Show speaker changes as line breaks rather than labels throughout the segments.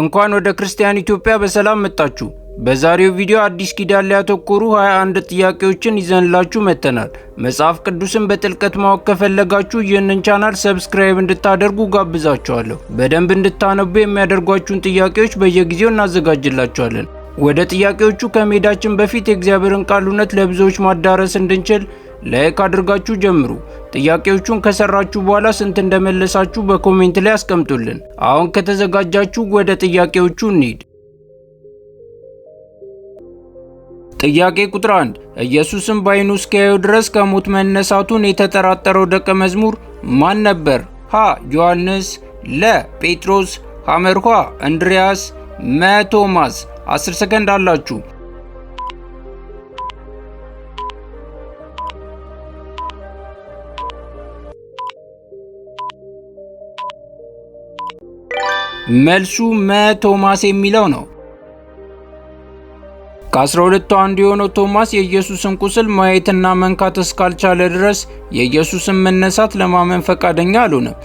እንኳን ወደ ክርስቲያን ኢትዮጵያ በሰላም መጣችሁ። በዛሬው ቪዲዮ አዲስ ኪዳን ላይ ያተኮሩ 21 ጥያቄዎችን ይዘንላችሁ መጥተናል። መጽሐፍ ቅዱስን በጥልቀት ማወቅ ከፈለጋችሁ ይህንን ቻናል ሰብስክራይብ እንድታደርጉ ጋብዛችኋለሁ። በደንብ እንድታነቡ የሚያደርጓችሁን ጥያቄዎች በየጊዜው እናዘጋጅላችኋለን። ወደ ጥያቄዎቹ ከመሄዳችን በፊት የእግዚአብሔርን ቃል እውነት ለብዙዎች ማዳረስ እንድንችል ላይክ አድርጋችሁ ጀምሩ። ጥያቄዎቹን ከሰራችሁ በኋላ ስንት እንደመለሳችሁ በኮሜንት ላይ አስቀምጡልን። አሁን ከተዘጋጃችሁ ወደ ጥያቄዎቹ እንሂድ። ጥያቄ ቁጥር 1 ኢየሱስም በዓይኑ እስኪያየው ድረስ ከሞት መነሳቱን የተጠራጠረው ደቀ መዝሙር ማን ነበር? ሀ ዮሐንስ፣ ለ ጴጥሮስ፣ ሐመርኋ እንድሪያስ፣ መ ቶማስ። 10 ሰከንድ አላችሁ። መልሱ መ ቶማስ የሚለው ነው። ከአስራ ሁለቱ አንዱ የሆነው ቶማስ የኢየሱስን ቁስል ማየትና መንካት እስካልቻለ ድረስ የኢየሱስን መነሳት ለማመን ፈቃደኛ አልሆነም።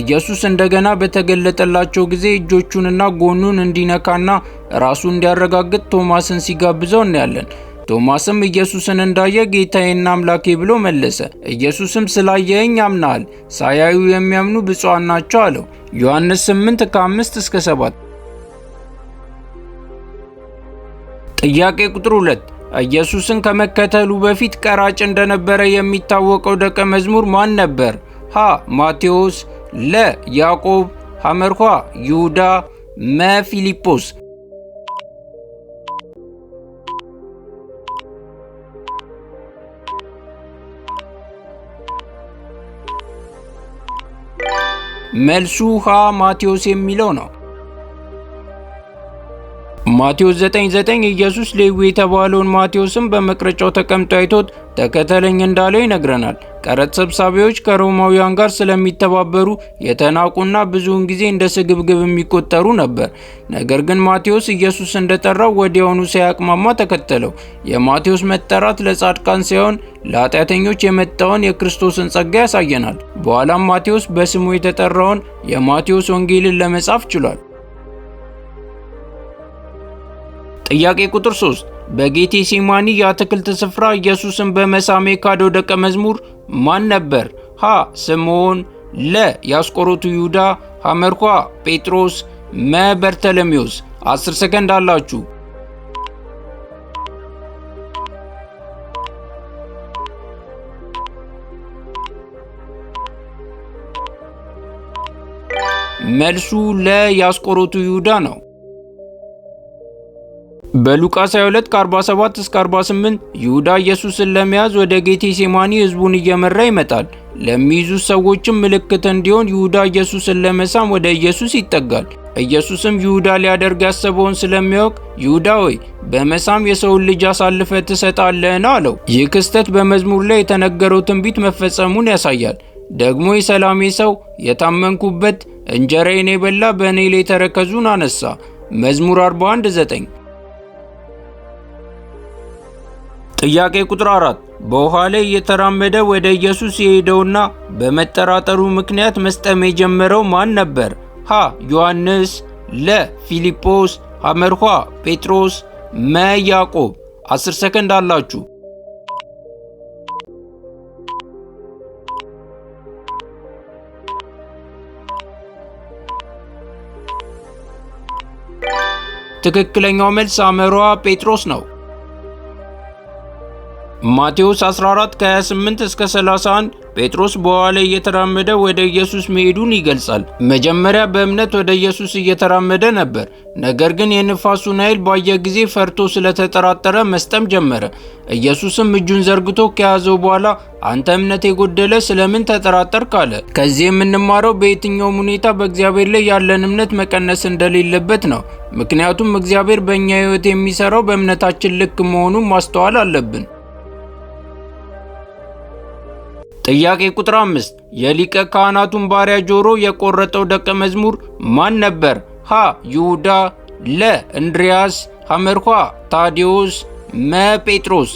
ኢየሱስ እንደገና በተገለጠላቸው ጊዜ እጆቹንና ጎኑን እንዲነካና ራሱ እንዲያረጋግጥ ቶማስን ሲጋብዘው እናያለን። ቶማስም ኢየሱስን እንዳየ ጌታዬና አምላኬ ብሎ መለሰ። ኢየሱስም ስላየኝ ያምናል ሳያዩ የሚያምኑ ብፁዓን ናቸው አለው። ዮሐንስ 8 ከ5 እስከ 7። ጥያቄ ቁጥር 2 ኢየሱስን ከመከተሉ በፊት ቀራጭ እንደነበረ የሚታወቀው ደቀ መዝሙር ማን ነበር? ሀ ማቴዎስ፣ ለ ያዕቆብ፣ ሐመርኳ ይሁዳ፣ መ ፊልጶስ መልሱ ሀ ማቴዎስ የሚለው ነው። ማቴዎስ 9:9 ኢየሱስ ሌዊ የተባለውን ማቴዎስን በመቅረጫው ተቀምጦ አይቶት ተከተለኝ እንዳለው ይነግረናል። ቀረጥ ሰብሳቢዎች ከሮማውያን ጋር ስለሚተባበሩ የተናቁና ብዙውን ጊዜ እንደ ስግብግብ የሚቆጠሩ ነበር። ነገር ግን ማቴዎስ ኢየሱስ እንደጠራው ወዲያውኑ ሳያቅማማ ተከተለው። የማቴዎስ መጠራት ለጻድቃን ሳይሆን ለኃጢአተኞች የመጣውን የክርስቶስን ጸጋ ያሳየናል። በኋላም ማቴዎስ በስሙ የተጠራውን የማቴዎስ ወንጌልን ለመጻፍ ችሏል። ጥያቄ ቁጥር 3 በጌቴ ሴማኒ የአትክልት ስፍራ ኢየሱስን በመሳሜ የካደው ደቀ መዝሙር ማን ነበር? ሀ ስምዖን፣ ለ የአስቆሮቱ ይሁዳ፣ ሐመርኳ ጴጥሮስ፣ መ በርተለሜዎስ። 10 ሰከንድ አላችሁ። መልሱ ለ የአስቆሮቱ ይሁዳ ነው። በሉቃስ 22 ከ47 እስከ 48 ይሁዳ ኢየሱስን ለመያዝ ወደ ጌቴሴማኒ ህዝቡን እየመራ ይመጣል። ለሚይዙት ሰዎችም ምልክት እንዲሆን ይሁዳ ኢየሱስን ለመሳም ወደ ኢየሱስ ይጠጋል። ኢየሱስም ይሁዳ ሊያደርግ ያሰበውን ስለሚያውቅ ይሁዳ ሆይ በመሳም የሰውን ልጅ አሳልፈ ትሰጣለህን? አለው። ይህ ክስተት በመዝሙር ላይ የተነገረው ትንቢት መፈጸሙን ያሳያል። ደግሞ የሰላሜ ሰው የታመንኩበት እንጀራዬን የበላ በእኔ ላይ ተረከዙን አነሳ መዝሙር 41 9 ጥያቄ ቁጥር አራት በውሃ ላይ እየተራመደ ወደ ኢየሱስ የሄደውና በመጠራጠሩ ምክንያት መስጠም የጀመረው ማን ነበር? ሀ ዮሐንስ፣ ለ ፊልጶስ፣ ሐመርኋ ጴጥሮስ፣ መ ያዕቆብ። 10 ሰከንድ አላችሁ። ትክክለኛው መልስ ሐመርኋ ጴጥሮስ ነው። ማቴዎስ 14 ከ28 እስከ 31 ጴጥሮስ በኋላ እየተራመደ ወደ ኢየሱስ መሄዱን ይገልጻል። መጀመሪያ በእምነት ወደ ኢየሱስ እየተራመደ ነበር። ነገር ግን የንፋሱን ኃይል ባየ ጊዜ ፈርቶ ስለተጠራጠረ መስጠም ጀመረ። ኢየሱስም እጁን ዘርግቶ ከያዘው በኋላ አንተ እምነት የጎደለ ስለምን ተጠራጠርክ አለ። ከዚህ የምንማረው በየትኛውም ሁኔታ በእግዚአብሔር ላይ ያለን እምነት መቀነስ እንደሌለበት ነው። ምክንያቱም እግዚአብሔር በእኛ ሕይወት የሚሰራው በእምነታችን ልክ መሆኑን ማስተዋል አለብን። ጥያቄ ቁጥር አምስት የሊቀ ካህናቱን ባሪያ ጆሮ የቆረጠው ደቀ መዝሙር ማን ነበር? ሀ ይሁዳ፣ ለ እንድሪያስ፣ ሐመርኳ ታዲዮስ፣ መ ጴጥሮስ።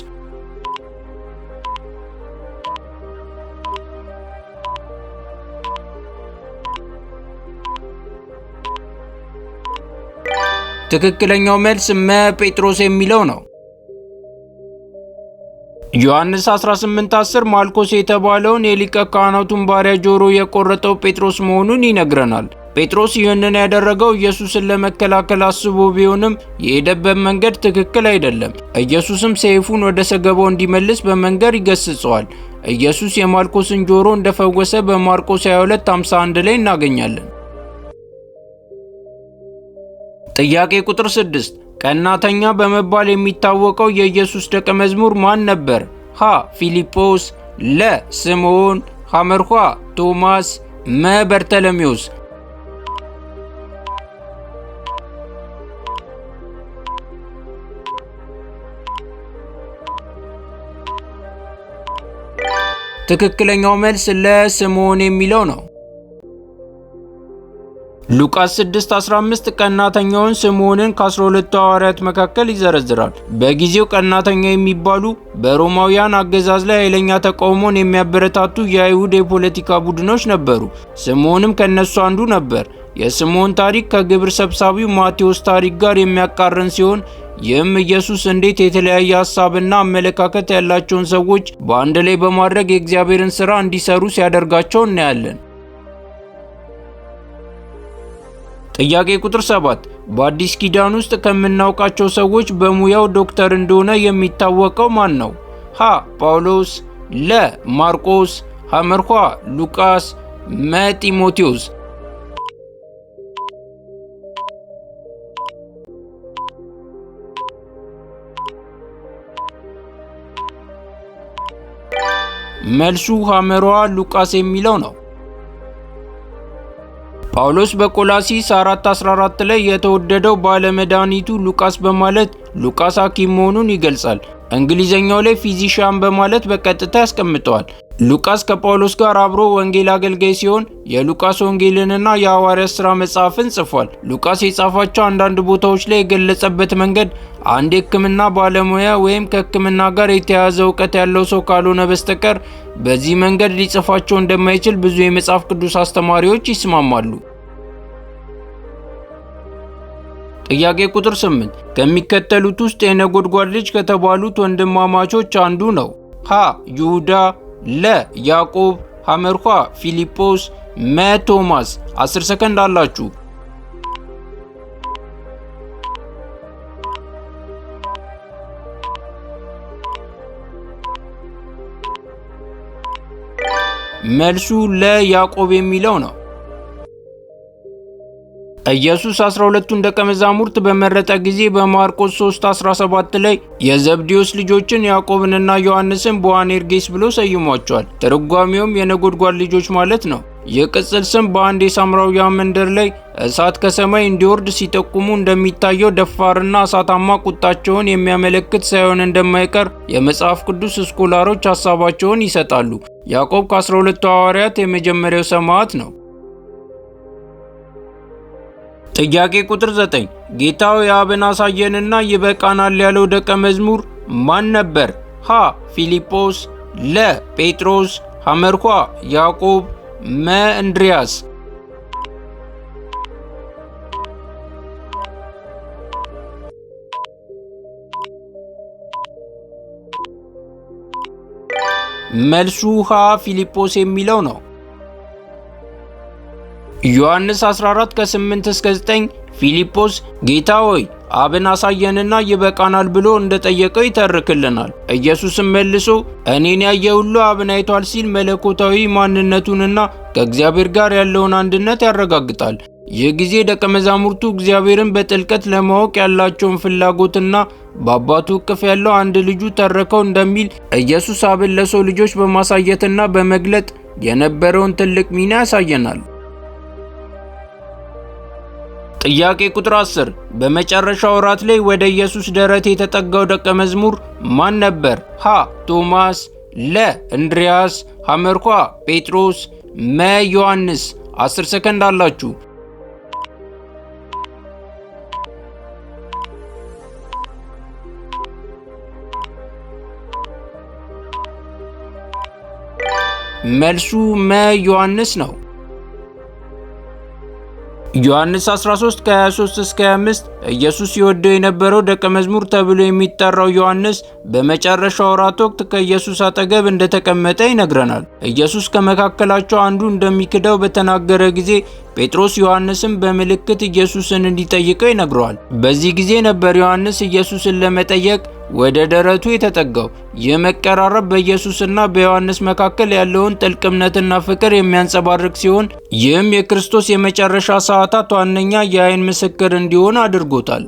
ትክክለኛው መልስ መ ጴጥሮስ የሚለው ነው። ዮሐንስ 18:10 ማልኮስ የተባለውን የሊቀ ካህናቱን ባሪያ ጆሮ የቆረጠው ጴጥሮስ መሆኑን ይነግረናል። ጴጥሮስ ይህንን ያደረገው ኢየሱስን ለመከላከል አስቦ ቢሆንም የሄደበት መንገድ ትክክል አይደለም። ኢየሱስም ሰይፉን ወደ ሰገባው እንዲመልስ በመንገድ ይገስጸዋል። ኢየሱስ የማልኮስን ጆሮ እንደፈወሰ በማርቆስ 22:51 ላይ እናገኛለን። ጥያቄ ቁጥር 6 ቀናተኛ በመባል የሚታወቀው የኢየሱስ ደቀ መዝሙር ማን ነበር? ሀ ፊልጶስ፣ ለ ስምዖን፣ ሐመርኳ ቶማስ፣ መ በርተለሜዎስ። ትክክለኛው መልስ ስምዖን የሚለው ነው። ሉቃስ 6:15 ቀናተኛውን ስምዖንን ከ12ቱ ሐዋርያት መካከል ይዘረዝራል። በጊዜው ቀናተኛ የሚባሉ በሮማውያን አገዛዝ ላይ ኃይለኛ ተቃውሞን የሚያበረታቱ የአይሁድ የፖለቲካ ቡድኖች ነበሩ። ስምዖንም ከነሱ አንዱ ነበር። የስምዖን ታሪክ ከግብር ሰብሳቢው ማቴዎስ ታሪክ ጋር የሚያቃረን ሲሆን ይህም ኢየሱስ እንዴት የተለያየ ሀሳብና አመለካከት ያላቸውን ሰዎች በአንድ ላይ በማድረግ የእግዚአብሔርን ሥራ እንዲሰሩ ሲያደርጋቸው እናያለን። ጥያቄ ቁጥር 7 በአዲስ ኪዳን ውስጥ ከምናውቃቸው ሰዎች በሙያው ዶክተር እንደሆነ የሚታወቀው ማን ነው? ሀ ጳውሎስ፣ ለ ማርቆስ፣ ሐመርኳ ሉቃስ፣ መ ጢሞቴዎስ። መልሱ ሐመርዋ ሉቃስ የሚለው ነው። ጳውሎስ በቆላሲስ 4:14 ላይ የተወደደው ባለመድኃኒቱ ሉቃስ በማለት ሉቃስ ሐኪም መሆኑን ይገልጻል። እንግሊዘኛው ላይ ፊዚሻን በማለት በቀጥታ ያስቀምጠዋል። ሉቃስ ከጳውሎስ ጋር አብሮ ወንጌል አገልጋይ ሲሆን የሉቃስ ወንጌልንና የሐዋርያት ሥራ መጽሐፍን ጽፏል። ሉቃስ የጻፋቸው አንዳንድ ቦታዎች ላይ የገለጸበት መንገድ አንድ የሕክምና ባለሙያ ወይም ከሕክምና ጋር የተያያዘ እውቀት ያለው ሰው ካልሆነ በስተቀር በዚህ መንገድ ሊጽፋቸው እንደማይችል ብዙ የመጽሐፍ ቅዱስ አስተማሪዎች ይስማማሉ። ጥያቄ ቁጥር 8 ከሚከተሉት ውስጥ የነጎድጓድ ልጅ ከተባሉት ወንድማማቾች አንዱ ነው? ሀ ይሁዳ ለ ያዕቆብ ሐመርኳ ፊልጶስ መ ቶማስ 10 ሰከንድ አላችሁ። መልሱ ለያዕቆብ የሚለው ነው። ኢየሱስ 12ቱን ደቀ መዛሙርት በመረጠ ጊዜ በማርቆስ 3:17 ላይ የዘብዴዎስ ልጆችን ያዕቆብንና ዮሐንስን ቦአኔርጌስ ብሎ ሰይሟቸዋል። ትርጓሜውም የነጎድጓድ ልጆች ማለት ነው። የቅጽል ቅጽል ስም በአንድ የሳምራውያን መንደር ላይ እሳት ከሰማይ እንዲወርድ ሲጠቁሙ እንደሚታየው ደፋርና እሳታማ ቁጣቸውን የሚያመለክት ሳይሆን እንደማይቀር የመጽሐፍ ቅዱስ ስኮላሮች ሐሳባቸውን ይሰጣሉ። ያዕቆብ ከ12ቱ ሐዋርያት የመጀመሪያው ሰማዕት ነው። ጥያቄ ቁጥር 9 ጌታው የአብን አሳየንና ይበቃናል ያለው ደቀ መዝሙር ማን ነበር? ሀ ፊልጶስ፣ ለ ጴጥሮስ፣ ሐመርኳ ያዕቆብ፣ መ እንድሪያስ። መልሱ ሀ ፊልጶስ የሚለው ነው። ዮሐንስ 14 ከ8 እስከ 9 ፊልጶስ ጌታ ሆይ አብን አሳየንና ይበቃናል ብሎ እንደጠየቀው ይተርክልናል። ኢየሱስም መልሶ እኔን ያየ ሁሉ አብን አይቷል ሲል መለኮታዊ ማንነቱንና ከእግዚአብሔር ጋር ያለውን አንድነት ያረጋግጣል። ይህ ጊዜ ደቀ መዛሙርቱ እግዚአብሔርን በጥልቀት ለማወቅ ያላቸውን ፍላጎትና በአባቱ እቅፍ ያለው አንድ ልጁ ተረከው እንደሚል ኢየሱስ አብን ለሰው ልጆች በማሳየትና በመግለጥ የነበረውን ትልቅ ሚና ያሳየናል። ጥያቄ ቁጥር 10 በመጨረሻው ወራት ላይ ወደ ኢየሱስ ደረት የተጠጋው ደቀ መዝሙር ማን ነበር? ሀ ቶማስ፣ ለ እንድሪያስ፣ ሐመርኳ ጴጥሮስ፣ መ ዮሐንስ። 10 ሰከንድ አላችሁ። መልሱ መ ዮሐንስ ነው። ዮሐንስ 13 ከ23 እስከ 25 ኢየሱስ ይወደው የነበረው ደቀ መዝሙር ተብሎ የሚጠራው ዮሐንስ በመጨረሻው ወራት ወቅት ከኢየሱስ አጠገብ እንደተቀመጠ ይነግረናል። ኢየሱስ ከመካከላቸው አንዱ እንደሚክደው በተናገረ ጊዜ ጴጥሮስ ዮሐንስን በምልክት ኢየሱስን እንዲጠይቀው ይነግረዋል። በዚህ ጊዜ ነበር ዮሐንስ ኢየሱስን ለመጠየቅ ወደ ደረቱ የተጠጋው ይህ መቀራረብ በኢየሱስና በዮሐንስ መካከል ያለውን ጥልቅ እምነትና ፍቅር የሚያንጸባርቅ ሲሆን ይህም የክርስቶስ የመጨረሻ ሰዓታት ዋነኛ የአይን ምስክር እንዲሆን አድርጎታል።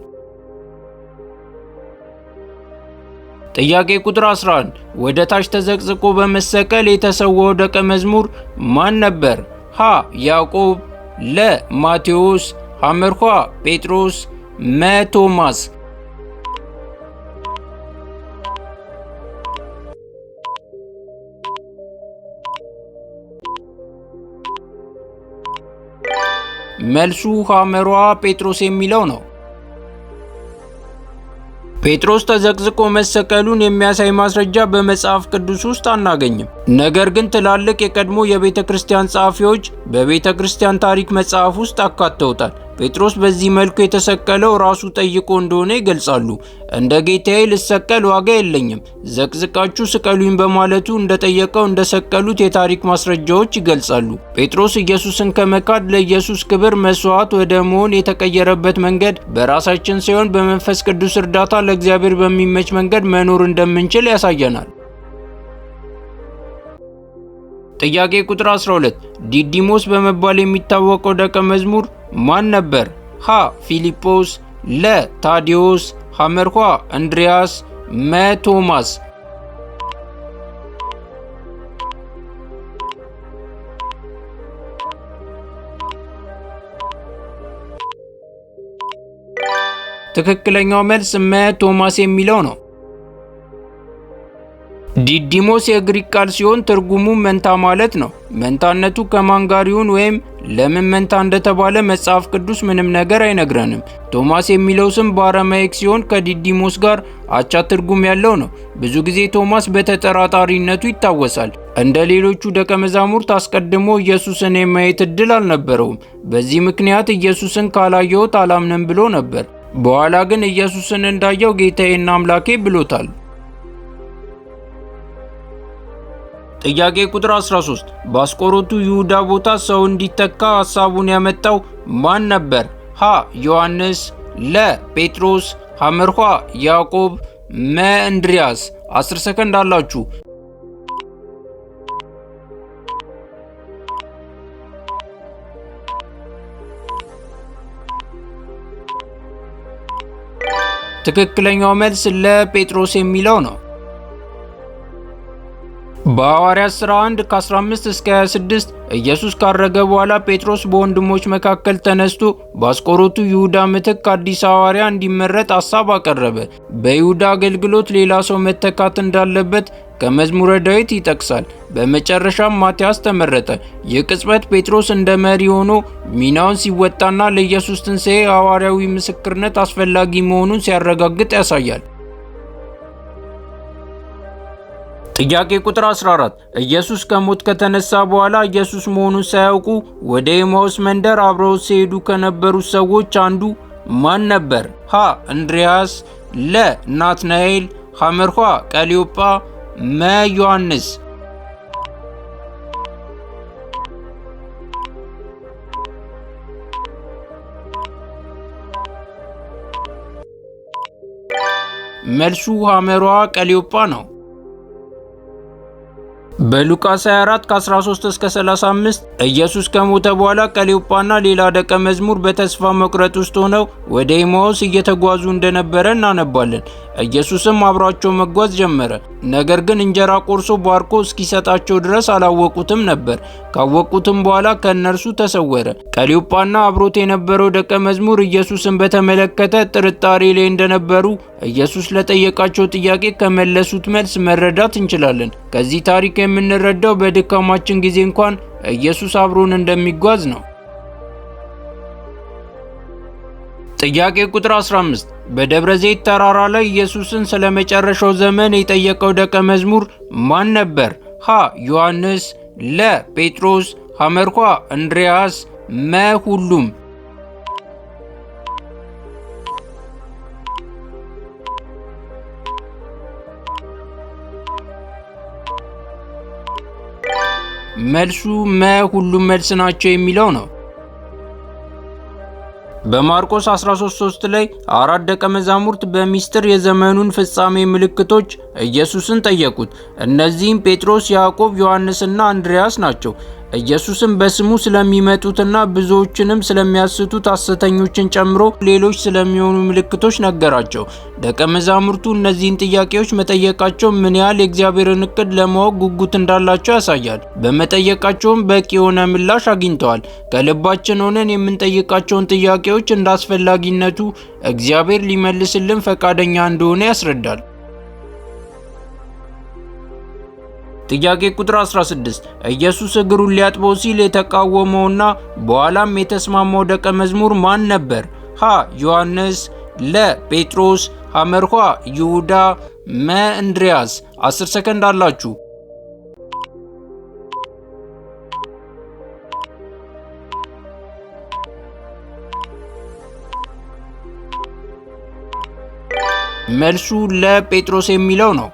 ጥያቄ ቁጥር 11 ወደ ታች ተዘቅዝቆ በመሰቀል የተሰወው ደቀ መዝሙር ማን ነበር? ሀ ያዕቆብ፣ ለ ማቴዎስ፣ ጴጥሮስ፣ መ ቶማስ መልሱ ሐመሯ ጴጥሮስ የሚለው ነው። ጴጥሮስ ተዘቅዝቆ መሰቀሉን የሚያሳይ ማስረጃ በመጽሐፍ ቅዱስ ውስጥ አናገኝም። ነገር ግን ትላልቅ የቀድሞ የቤተ ክርስቲያን ጸሐፊዎች በቤተ ክርስቲያን ታሪክ መጽሐፍ ውስጥ አካተውታል። ጴጥሮስ በዚህ መልኩ የተሰቀለው ራሱ ጠይቆ እንደሆነ ይገልጻሉ። እንደ ጌታዬ ልሰቀል ዋጋ የለኝም፣ ዘቅዝቃችሁ ስቀሉኝ በማለቱ እንደጠየቀው እንደሰቀሉት የታሪክ ማስረጃዎች ይገልጻሉ። ጴጥሮስ ኢየሱስን ከመካድ ለኢየሱስ ክብር መስዋዕት ወደ መሆን የተቀየረበት መንገድ በራሳችን ሳይሆን በመንፈስ ቅዱስ እርዳታ ለእግዚአብሔር በሚመች መንገድ መኖር እንደምንችል ያሳየናል። ጥያቄ ቁጥር 12 ዲዲሞስ በመባል የሚታወቀው ደቀ መዝሙር ማን ነበር? ሀ ፊሊጶስ፣ ለ ታዲዮስ፣ ሐመርኳ እንድሪያስ፣ መ ቶማስ። ትክክለኛው መልስ መ ቶማስ የሚለው ነው። ዲዲሞስ የግሪክ ቃል ሲሆን ትርጉሙ መንታ ማለት ነው። መንታነቱ ከማን ጋር ይሁን ወይም ለምን መንታ እንደተባለ መጽሐፍ ቅዱስ ምንም ነገር አይነግረንም። ቶማስ የሚለው ስም በአረማይክ ሲሆን ከዲዲሞስ ጋር አቻ ትርጉም ያለው ነው። ብዙ ጊዜ ቶማስ በተጠራጣሪነቱ ይታወሳል። እንደ ሌሎቹ ደቀ መዛሙርት አስቀድሞ ኢየሱስን የማየት እድል አልነበረውም። በዚህ ምክንያት ኢየሱስን ካላየሁት አላምንም ብሎ ነበር። በኋላ ግን ኢየሱስን እንዳየው ጌታዬና አምላኬ ብሎታል። ጥያቄ ቁጥር 13 በአስቆሮቱ ይሁዳ ቦታ ሰው እንዲተካ ሐሳቡን ያመጣው ማን ነበር? ሀ ዮሐንስ፣ ለ ጴጥሮስ፣ ሐመርኳ ያዕቆብ፣ መ እንድሪያስ። 10 ሰከንድ አላችሁ። ትክክለኛው መልስ ለጴጥሮስ የሚለው ነው። በሐዋርያት ሥራ 1 ከ15 እስከ 26 ኢየሱስ ካረገ በኋላ ጴጥሮስ በወንድሞች መካከል ተነስቶ በአስቆሮቱ ይሁዳ ምትክ አዲስ ሐዋርያ እንዲመረጥ ሐሳብ አቀረበ። በይሁዳ አገልግሎት ሌላ ሰው መተካት እንዳለበት ከመዝሙረ ዳዊት ይጠቅሳል። በመጨረሻም ማቲያስ ተመረጠ። ይህ ቅጽበት ጴጥሮስ እንደ መሪ ሆኖ ሚናውን ሲወጣና ለኢየሱስ ትንሣኤ ሐዋርያዊ ምስክርነት አስፈላጊ መሆኑን ሲያረጋግጥ ያሳያል። ጥያቄ ቁጥር 14 ኢየሱስ ከሞት ከተነሳ በኋላ ኢየሱስ መሆኑን ሳያውቁ ወደ ኤማውስ መንደር አብረው ሲሄዱ ከነበሩ ሰዎች አንዱ ማን ነበር? ሀ እንድሪያስ፣ ለ ናትናኤል፣ ሐመርኳ ቀሊዮጳ፣ መ ዮሐንስ። መልሱ ሐመርዋ ቀሊዮጳ ነው። በሉቃስ 24 ከ13 እስከ 35 ኢየሱስ ከሞተ በኋላ ቀሌዮጳና ሌላ ደቀ መዝሙር በተስፋ መቁረጥ ውስጥ ሆነው ወደ ኤማዎስ እየተጓዙ እንደነበረ እናነባለን። ኢየሱስም አብሯቸው መጓዝ ጀመረ። ነገር ግን እንጀራ ቆርሶ ባርኮ እስኪሰጣቸው ድረስ አላወቁትም ነበር። ካወቁትም በኋላ ከእነርሱ ተሰወረ። ቀሊዮጳና አብሮት የነበረው ደቀ መዝሙር ኢየሱስን በተመለከተ ጥርጣሬ ላይ እንደነበሩ ኢየሱስ ለጠየቃቸው ጥያቄ ከመለሱት መልስ መረዳት እንችላለን። ከዚህ ታሪክ የምንረዳው በድካማችን ጊዜ እንኳን ኢየሱስ አብሮን እንደሚጓዝ ነው። ጥያቄ ቁጥር 15 በደብረ ዘይት ተራራ ላይ ኢየሱስን ስለ መጨረሻው ዘመን የጠየቀው ደቀ መዝሙር ማን ነበር? ሀ ዮሐንስ፣ ለ ጴጥሮስ፣ ሐመርኳ እንድሪያስ፣ መ ሁሉም። መልሱ መ ሁሉም መልስ ናቸው የሚለው ነው። በማርቆስ 13:3 ላይ አራት ደቀ መዛሙርት በሚስጥር የዘመኑን ፍጻሜ ምልክቶች ኢየሱስን ጠየቁት። እነዚህም ጴጥሮስ፣ ያዕቆብ፣ ዮሐንስና አንድሪያስ ናቸው። ኢየሱስም በስሙ ስለሚመጡትና ብዙዎችንም ስለሚያስቱት ሐሰተኞችን ጨምሮ ሌሎች ስለሚሆኑ ምልክቶች ነገራቸው። ደቀ መዛሙርቱ እነዚህን ጥያቄዎች መጠየቃቸው ምን ያህል የእግዚአብሔርን እቅድ ለማወቅ ጉጉት እንዳላቸው ያሳያል። በመጠየቃቸውም በቂ የሆነ ምላሽ አግኝተዋል። ከልባችን ሆነን የምንጠይቃቸውን ጥያቄዎች እንዳስፈላጊነቱ እግዚአብሔር ሊመልስልን ፈቃደኛ እንደሆነ ያስረዳል። ጥያቄ ቁጥር 16 ኢየሱስ እግሩን ሊያጥበው ሲል የተቃወመውና በኋላም የተስማማው ደቀ መዝሙር ማን ነበር? ሀ ዮሐንስ፣ ለ ጴጥሮስ፣ ሐመርኋ ይሁዳ፣ መ እንድሪያስ። 10 ሰከንድ አላችሁ። መልሱ ለጴጥሮስ የሚለው ነው።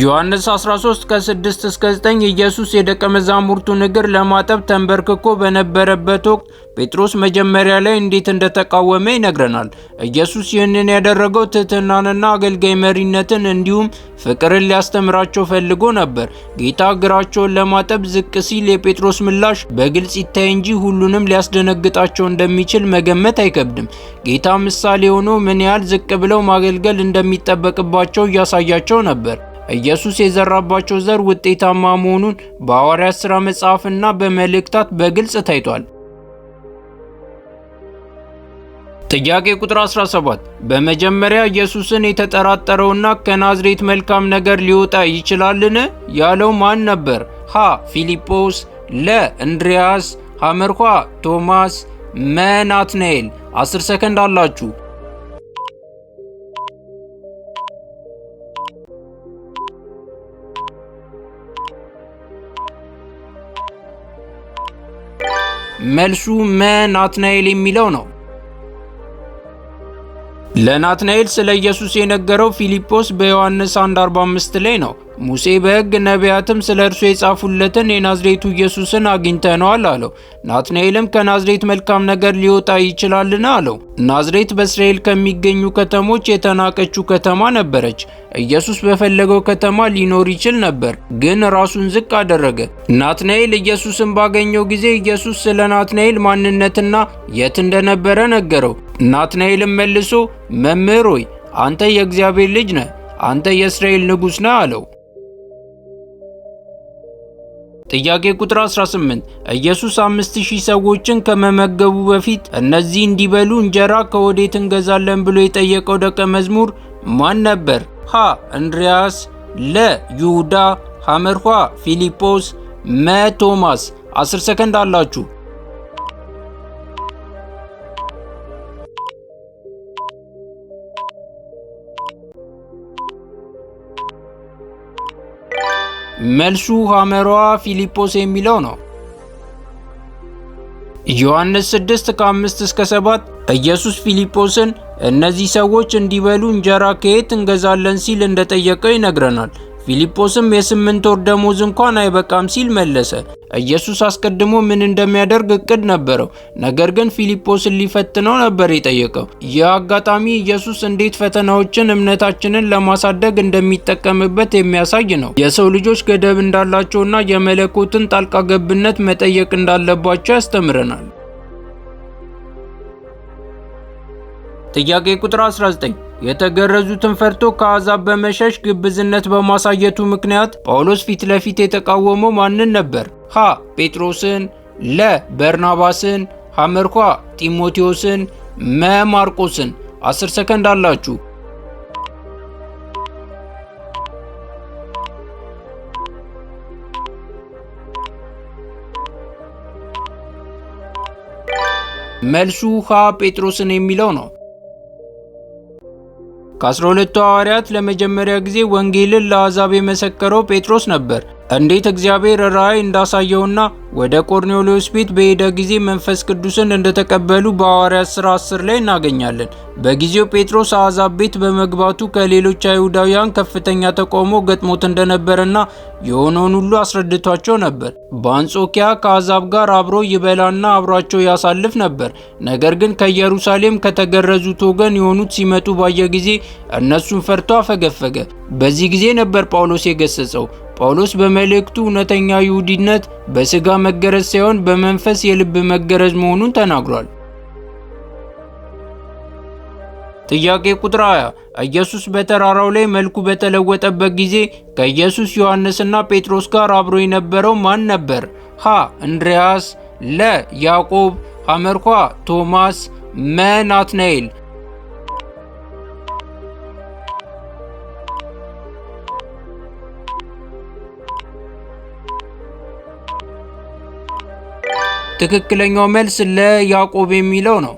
ዮሐንስ 13 ከ6 እስከ 9 ኢየሱስ የደቀ መዛሙርቱን እግር ለማጠብ ተንበርክኮ በነበረበት ወቅት ጴጥሮስ መጀመሪያ ላይ እንዴት እንደተቃወመ ይነግረናል። ኢየሱስ ይህንን ያደረገው ትህትናንና አገልጋይ መሪነትን እንዲሁም ፍቅርን ሊያስተምራቸው ፈልጎ ነበር። ጌታ እግራቸውን ለማጠብ ዝቅ ሲል የጴጥሮስ ምላሽ በግልጽ ይታይ እንጂ ሁሉንም ሊያስደነግጣቸው እንደሚችል መገመት አይከብድም። ጌታ ምሳሌ ሆኖ ምን ያህል ዝቅ ብለው ማገልገል እንደሚጠበቅባቸው እያሳያቸው ነበር። ኢየሱስ የዘራባቸው ዘር ውጤታማ መሆኑን በሐዋርያት ሥራ መጽሐፍና በመልእክታት በግልጽ ታይቷል። ጥያቄ ቁጥር 17 በመጀመሪያ ኢየሱስን የተጠራጠረውና ከናዝሬት መልካም ነገር ሊወጣ ይችላልን ያለው ማን ነበር? ሀ ፊልጶስ፣ ለ እንድሪያስ፣ ሐመርኳ ቶማስ፣ መ ናትናኤል። 10 ሰከንድ አላችሁ። መልሱ መ ናትናኤል የሚለው ነው። ለናትናኤል ስለ ኢየሱስ የነገረው ፊልጶስ በዮሐንስ 1:45 ላይ ነው። ሙሴ በሕግ ነቢያትም ስለ እርሱ የጻፉለትን የናዝሬቱ ኢየሱስን አግኝተነዋል አለው። ናትናኤልም ከናዝሬት መልካም ነገር ሊወጣ ይችላልን? አለው። ናዝሬት በእስራኤል ከሚገኙ ከተሞች የተናቀችው ከተማ ነበረች። ኢየሱስ በፈለገው ከተማ ሊኖር ይችል ነበር፣ ግን ራሱን ዝቅ አደረገ። ናትናኤል ኢየሱስን ባገኘው ጊዜ ኢየሱስ ስለ ናትናኤል ማንነትና የት እንደነበረ ነገረው። ናትናኤልም መልሶ መምህር ሆይ አንተ የእግዚአብሔር ልጅ ነህ፣ አንተ የእስራኤል ንጉሥ ነህ አለው። ጥያቄ ቁጥር 18 ኢየሱስ 5000 ሰዎችን ከመመገቡ በፊት እነዚህ እንዲበሉ እንጀራ ከወዴት እንገዛለን ብሎ የጠየቀው ደቀ መዝሙር ማን ነበር? ሀ እንድሪያስ፣ ለ ይሁዳ፣ ሐመርኋ ፊሊጶስ፣ መ ቶማስ። 10 ሰከንድ አላችሁ። መልሱ ሐመሯ ፊልጶስ የሚለው ነው። ዮሐንስ 6 ከ5 እስከ 7 ኢየሱስ ፊልጶስን እነዚህ ሰዎች እንዲበሉ እንጀራ ከየት እንገዛለን ሲል እንደጠየቀ ይነግረናል። ፊልጶስም የስምንት ወር ደሞዝ እንኳን አይበቃም ሲል መለሰ። ኢየሱስ አስቀድሞ ምን እንደሚያደርግ እቅድ ነበረው፣ ነገር ግን ፊልጶስን ሊፈትነው ነበር የጠየቀው። ይህ አጋጣሚ ኢየሱስ እንዴት ፈተናዎችን እምነታችንን ለማሳደግ እንደሚጠቀምበት የሚያሳይ ነው። የሰው ልጆች ገደብ እንዳላቸውና የመለኮትን ጣልቃ ገብነት መጠየቅ እንዳለባቸው ያስተምረናል። ጥያቄ ቁጥር 19 የተገረዙትን ፈርቶ ከአሕዛብ በመሸሽ ግብዝነት በማሳየቱ ምክንያት ጳውሎስ ፊት ለፊት የተቃወመው ማንን ነበር? ሀ ጴጥሮስን፣ ለ በርናባስን፣ ሐመርኳ ጢሞቴዎስን፣ መ ማርቆስን። አስር ሰከንድ አላችሁ። መልሱ ሀ ጴጥሮስን የሚለው ነው። ከ12ቱ ሐዋርያት ለመጀመሪያ ጊዜ ወንጌልን ለአዛብ የመሰከረው ጴጥሮስ ነበር። እንዴት እግዚአብሔር ራእይ እንዳሳየውና ወደ ቆርኔሌዎስ ቤት በሄደ ጊዜ መንፈስ ቅዱስን እንደተቀበሉ በሐዋርያት ሥራ 10 ላይ እናገኛለን። በጊዜው ጴጥሮስ አሕዛብ ቤት በመግባቱ ከሌሎች አይሁዳውያን ከፍተኛ ተቃውሞ ገጥሞት እንደነበረና የሆነውን ሁሉ አስረድቷቸው ነበር። በአንጾኪያ ከአሕዛብ ጋር አብሮ ይበላና አብሯቸው ያሳልፍ ነበር። ነገር ግን ከኢየሩሳሌም ከተገረዙት ወገን የሆኑት ሲመጡ ባየ ጊዜ እነሱን ፈርቶ አፈገፈገ። በዚህ ጊዜ ነበር ጳውሎስ የገሰጸው ጳውሎስ በመልእክቱ እውነተኛ ይሁዲነት በሥጋ መገረዝ ሳይሆን በመንፈስ የልብ መገረዝ መሆኑን ተናግሯል። ጥያቄ ቁጥር 20 ኢየሱስ በተራራው ላይ መልኩ በተለወጠበት ጊዜ ከኢየሱስ ዮሐንስና ጴጥሮስ ጋር አብሮ የነበረው ማን ነበር? ሀ እንድርያስ፣ ለ ያዕቆብ፣ ሐመርኳ ቶማስ፣ መ ናትናኤል ትክክለኛው መልስ ለያዕቆብ የሚለው ነው።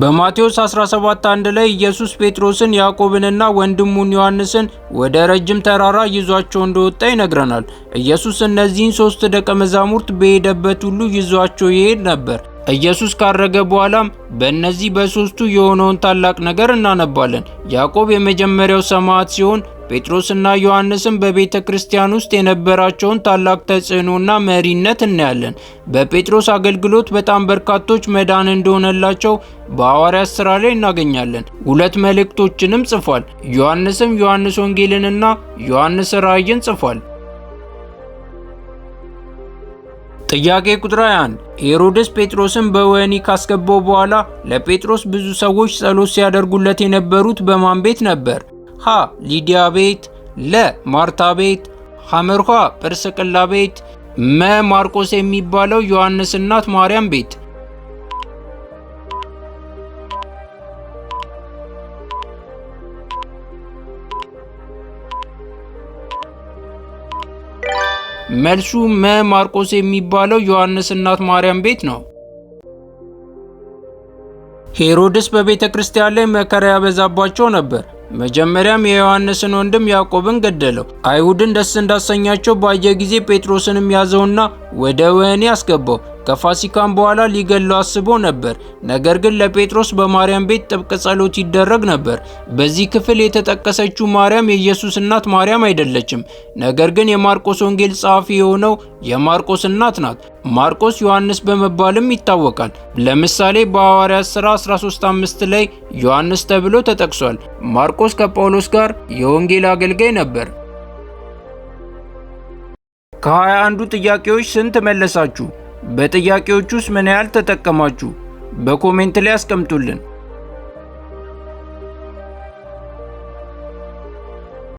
በማቴዎስ 17:1 ላይ ኢየሱስ ጴጥሮስን ያዕቆብንና ወንድሙን ዮሐንስን ወደ ረጅም ተራራ ይዟቸው እንደወጣ ይነግረናል። ኢየሱስ እነዚህን ሶስት ደቀ መዛሙርት በሄደበት ሁሉ ይዟቸው ይሄድ ነበር። ኢየሱስ ካረገ በኋላም በእነዚህ በሶስቱ የሆነውን ታላቅ ነገር እናነባለን። ያዕቆብ የመጀመሪያው ሰማዕት ሲሆን ጴጥሮስና ዮሐንስም በቤተ ክርስቲያን ውስጥ የነበራቸውን ታላቅ ተጽዕኖና መሪነት እናያለን። በጴጥሮስ አገልግሎት በጣም በርካቶች መዳን እንደሆነላቸው በሐዋርያት ሥራ ላይ እናገኛለን። ሁለት መልእክቶችንም ጽፏል። ዮሐንስም ዮሐንስ ወንጌልንና ዮሐንስ ራእይን ጽፏል። ጥያቄ ቁጥር 21 ሄሮድስ ጴጥሮስን በወህኒ ካስገባው በኋላ ለጴጥሮስ ብዙ ሰዎች ጸሎት ሲያደርጉለት የነበሩት በማን ቤት ነበር? ሀ ሊዲያ ቤት፣ ለ ማርታ ቤት፣ ሐመርኳ ጵርስቅላ ቤት፣ መ ማርቆስ የሚባለው ዮሐንስ እናት ማርያም ቤት። መልሱ መ ማርቆስ የሚባለው ዮሐንስ እናት ማርያም ቤት ነው። ሄሮድስ በቤተ ክርስቲያን ላይ መከራ ያበዛባቸው ነበር። መጀመሪያም የዮሐንስን ወንድም ያዕቆብን ገደለው። አይሁድን ደስ እንዳሰኛቸው ባየ ጊዜ ጴጥሮስንም ያዘውና ወደ ወህኒ አስገባው። ከፋሲካም በኋላ ሊገለው አስቦ ነበር። ነገር ግን ለጴጥሮስ በማርያም ቤት ጥብቅ ጸሎት ይደረግ ነበር። በዚህ ክፍል የተጠቀሰችው ማርያም የኢየሱስ እናት ማርያም አይደለችም። ነገር ግን የማርቆስ ወንጌል ጸሐፊ የሆነው የማርቆስ እናት ናት። ማርቆስ ዮሐንስ በመባልም ይታወቃል። ለምሳሌ በሐዋርያት ሥራ 13:5 ላይ ዮሐንስ ተብሎ ተጠቅሷል። ማርቆስ ከጳውሎስ ጋር የወንጌል አገልጋይ ነበር። ከሀያ አንዱ ጥያቄዎች ስንት መለሳችሁ? በጥያቄዎች ውስጥ ምን ያህል ተጠቀማችሁ? በኮሜንት ላይ አስቀምጡልን።